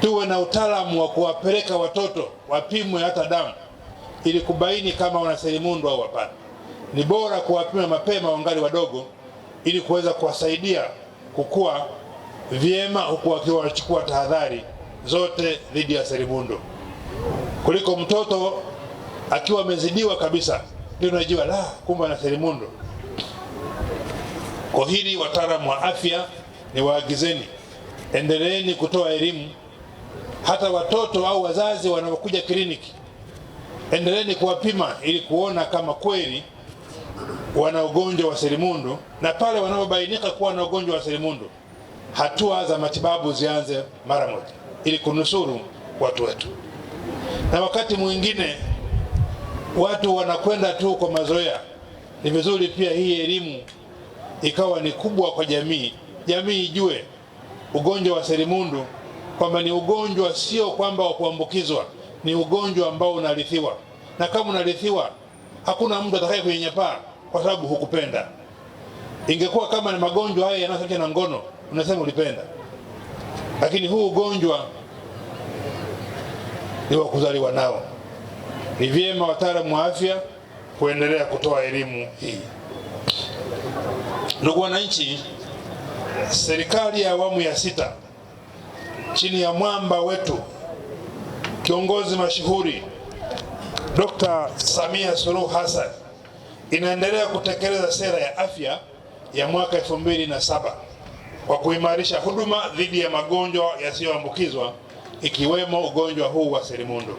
tuwe na utaalamu wa kuwapeleka watoto wapimwe hata damu ili kubaini kama wana selimundu au hapana. Ni bora kuwapima mapema wangali wadogo ili kuweza kuwasaidia kukua vyema huku wakiwa wanachukua tahadhari zote dhidi ya selimundu, kuliko mtoto akiwa amezidiwa kabisa, ndio unajua la, kumbe ana selimundu. Kwa hili wataalamu wa afya, niwaagizeni, endeleeni kutoa elimu hata watoto au wazazi wanaokuja kliniki, endeleeni kuwapima ili kuona kama kweli wana ugonjwa wa selimundu, na pale wanaobainika kuwa na ugonjwa wa selimundu, hatua za matibabu zianze mara moja, ili kunusuru watu wetu. Na wakati mwingine watu wanakwenda tu kwa mazoea. Ni vizuri pia hii elimu ikawa ni kubwa kwa jamii, jamii ijue ugonjwa wa selimundu kwamba ni ugonjwa sio kwamba wa kuambukizwa, ni ugonjwa ambao unarithiwa, na kama unarithiwa, hakuna mtu atakaye kunyenyapaa kwa sababu hukupenda. Ingekuwa kama ni magonjwa haya yanayosababishwa na ngono, unasema ulipenda, lakini huu ugonjwa ni wa kuzaliwa nao. Ni vyema wataalamu wa afya kuendelea kutoa elimu hii. Ndugu wananchi, serikali ya awamu ya sita chini ya mwamba wetu kiongozi mashuhuri Dr. Samia Suluhu Hassan inaendelea kutekeleza sera ya afya ya mwaka 2007 kwa kuimarisha huduma dhidi ya magonjwa yasiyoambukizwa ikiwemo ugonjwa huu wa selimundu.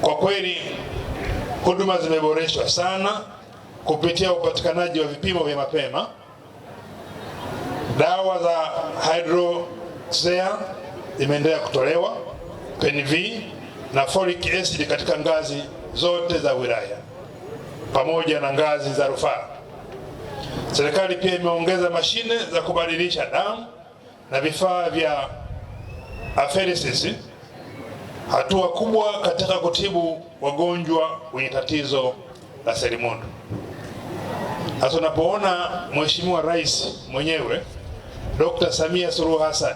Kwa kweli huduma zimeboreshwa sana kupitia upatikanaji wa vipimo vya mapema, dawa za hydro SEA imeendelea kutolewa PenV na folic acid katika ngazi zote za wilaya pamoja na ngazi za rufaa. Serikali pia imeongeza mashine za kubadilisha damu na vifaa vya apheresis, hatua kubwa katika kutibu wagonjwa wenye tatizo la selimundu. Hasa unapoona Mheshimiwa Rais mwenyewe Dr. Samia Suluhu Hassan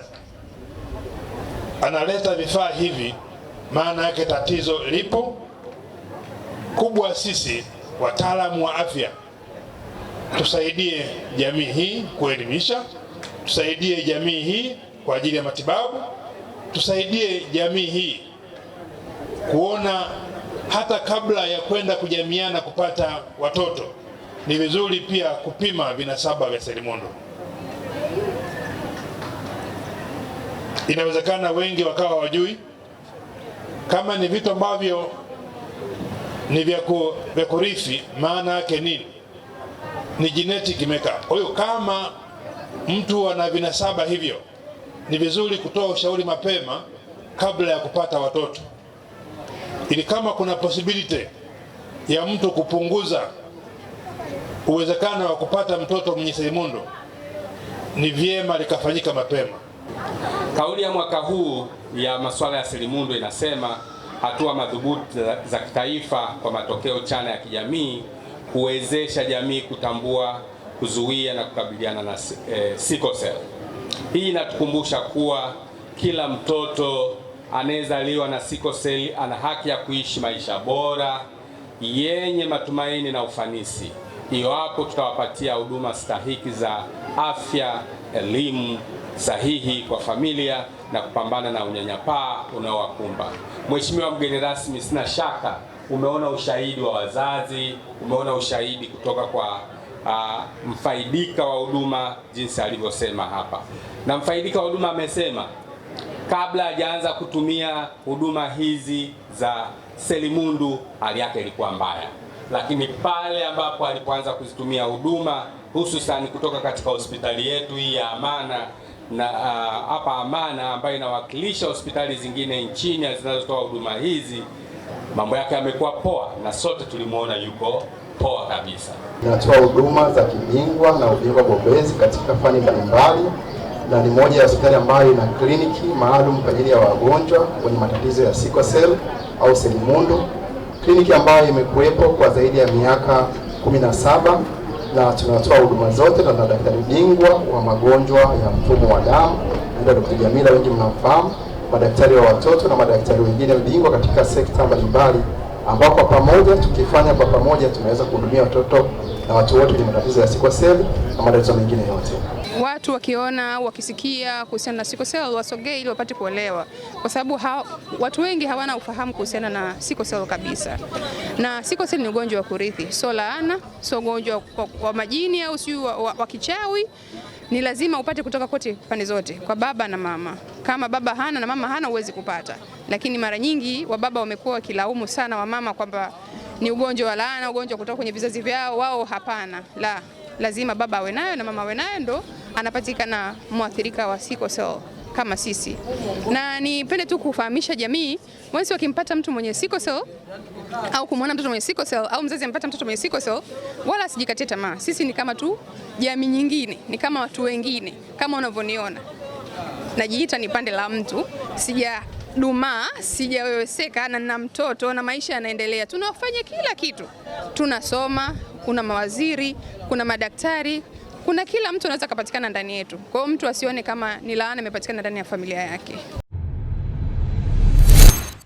analeta vifaa hivi, maana yake tatizo lipo kubwa. Sisi wataalamu wa afya tusaidie jamii hii kuelimisha, tusaidie jamii hii kwa ajili ya matibabu, tusaidie jamii hii kuona hata kabla ya kwenda kujamiana kupata watoto, ni vizuri pia kupima vinasaba vya selimundu. inawezekana wengi wakawa wajui kama ni vitu ambavyo ni vya kurithi. Maana yake nini? Ni genetic makeup. Kwa hiyo kama mtu ana vinasaba hivyo, ni vizuri kutoa ushauri mapema kabla ya kupata watoto, ili kama kuna possibility ya mtu kupunguza uwezekano wa kupata mtoto mwenye selimundu, ni vyema likafanyika mapema. Kauli ya mwaka huu ya masuala ya selimundu inasema hatua madhubuti za kitaifa kwa matokeo chana ya kijamii kuwezesha jamii kutambua, kuzuia na kukabiliana na e, sickle cell. Hii inatukumbusha kuwa kila mtoto anayezaliwa na sickle cell ana haki ya kuishi maisha bora yenye matumaini na ufanisi iwapo tutawapatia huduma stahiki za afya elimu sahihi kwa familia na kupambana na unyanyapaa unaowakumba. Mheshimiwa mgeni rasmi, sina shaka umeona ushahidi wa wazazi, umeona ushahidi kutoka kwa uh, mfaidika wa huduma jinsi alivyosema hapa, na mfaidika wa huduma amesema kabla hajaanza kutumia huduma hizi za Selimundu hali yake ilikuwa mbaya, lakini pale ambapo alipoanza kuzitumia huduma hususan kutoka katika hospitali yetu hii ya Amana na uh, hapa uh, Amana ambayo inawakilisha hospitali zingine nchini zinazotoa huduma hizi, mambo yake yamekuwa poa na sote tulimwona yuko poa kabisa. Inatoa huduma za kibingwa na ubingwa bobezi katika fani mbalimbali na ni moja ya hospitali ambayo ina kliniki maalum kwa ajili ya wagonjwa wenye matatizo ya sickle cell au selimundu, kliniki ambayo imekuwepo kwa zaidi ya miaka 17 na tunatoa huduma zote na tuna daktari bingwa wa magonjwa ya mfumo wa damu, ndio Dr. Jamila, wengi mnamfahamu, madaktari wa watoto na madaktari wengine bingwa katika sekta mbalimbali, ambao kwa pamoja tukifanya kwa pamoja tunaweza kuhudumia watoto na watu wote wenye matatizo ya sickle na matatizo mengine yote watu wakiona wakisikia kuhusiana na sickle cell wasogee ili wapate kuelewa, kwa sababu ha, watu wengi hawana ufahamu kuhusiana na sickle cell kabisa. Na sickle cell ni ugonjwa wa kurithi, so laana, so ugonjwa wa majini au sio wa, wa, wa kichawi. Ni lazima upate kutoka kote pande zote, kwa baba na mama. Kama baba hana na mama hana, huwezi kupata. Lakini mara nyingi wa baba wamekuwa wakilaumu sana wa mama kwamba ni ugonjwa wa laana, ugonjwa kutoka kwenye vizazi vyao. Wao hapana, la lazima baba awe nayo na mama awe nayo ndo anapatikana mwathirika wa sickle cell kama sisi, na nipende tu kufahamisha jamii, mwezi wakimpata mtu mwenye sickle cell au kumwona mtoto mwenye sickle cell au mzazi amepata mtoto mwenye sickle cell, wala asijikatie tamaa. Sisi ni kama tu jamii nyingine, ni kama watu wengine. Kama unavyoniona, najiita ni pande la mtu, sija dumaa sijaweweseka, na na mtoto na maisha yanaendelea. Tunafanya kila kitu, tunasoma. Kuna mawaziri, kuna madaktari, kuna kila mtu anaweza akapatikana ndani yetu. Kwa hiyo mtu asione kama ni laana imepatikana ndani ya familia yake.